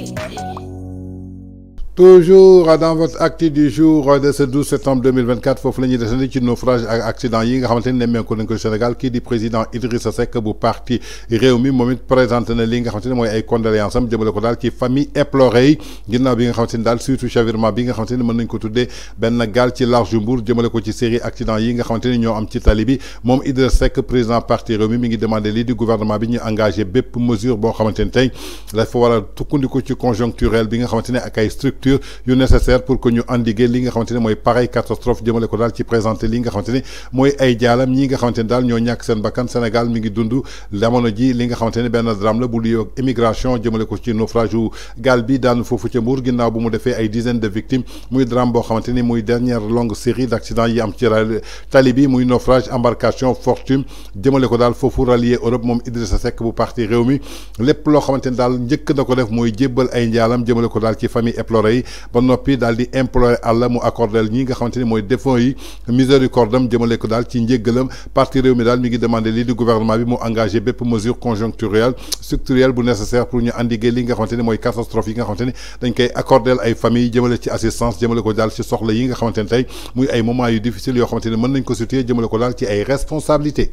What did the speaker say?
Yeah. toujours dans votre acte du jour de ce 12 septembre 2024 foofu la ñuy desandi ci naufrage ak accident yi nga xamante ni nemmeeku nañ ko Sénégal kii di président Idriss Seck bu parti réew mi moom it présenté na li nga xamante ne mooy ay condoléances am jëmale ko daal ci famille éplorée yi ginnaaw bi nga xamante ni daal surtout chavirement bi nga xamante ni mën nañ ko tuddee benn gaal ci large Mbour jëmale ko ci série accident yi nga xamante ni ñoo am ci tali bi moom Idrissa Seck président parti réew mi mi ngi demandé lii di gouvernement bi ñu engagé bépp mesure boo xamante ni tey dafa war a tukkandiku ci conjoncturel bi nga xamante ne ak ay structure infrastructure yu nécessaire pour que ñu endiguer li nga xamanteni moy pareil pareille catastrophe jëmele ko dal ci présenter li nga xamanteni moy ay jaalam ñi nga xamanteni dal ñoo seen Sénégal mi ngi dundu lamono ji li nga xamanteni ben le drame la bu liy ak immigration ko ci naufrage ou galbi bi daanu fofu ca Mbour ginnaaw bu mu défé ay dizaines de victimes muy drame bo xamanteni ni muy dernière longue série d'accidents yi am ci tali muy naufrage embarcation fortune jëmele ko dal fofu rallier Europe mom Idrissa Seck bu parti réew mi lépp lo xamanteni dal daal da ko def moy jébbal ay njaalam jëmele ko dal ci famille éplorée yi ba noppi daal di imploré àlla mu accordel ñi nga xamante ni mooy yi miséricorde am jëmale ko daal ci njéggalam parti réew mi daal mi ngi demandé lii di gouvernement bi mu engagé bépp mesures conjoncturelles structurelles bu nécessaire pour ñu endiguer li nga xamante ni mooy catastrophe yi nga xamante ni dañ koy accordel ay famille jëmale ci assistance jëmale ko daal ci soxla yi nga xamante ni tey muy ay moments yu difficile yoo xamante ni mën nañ ko situer jëmale ko daal ci ay responsabilités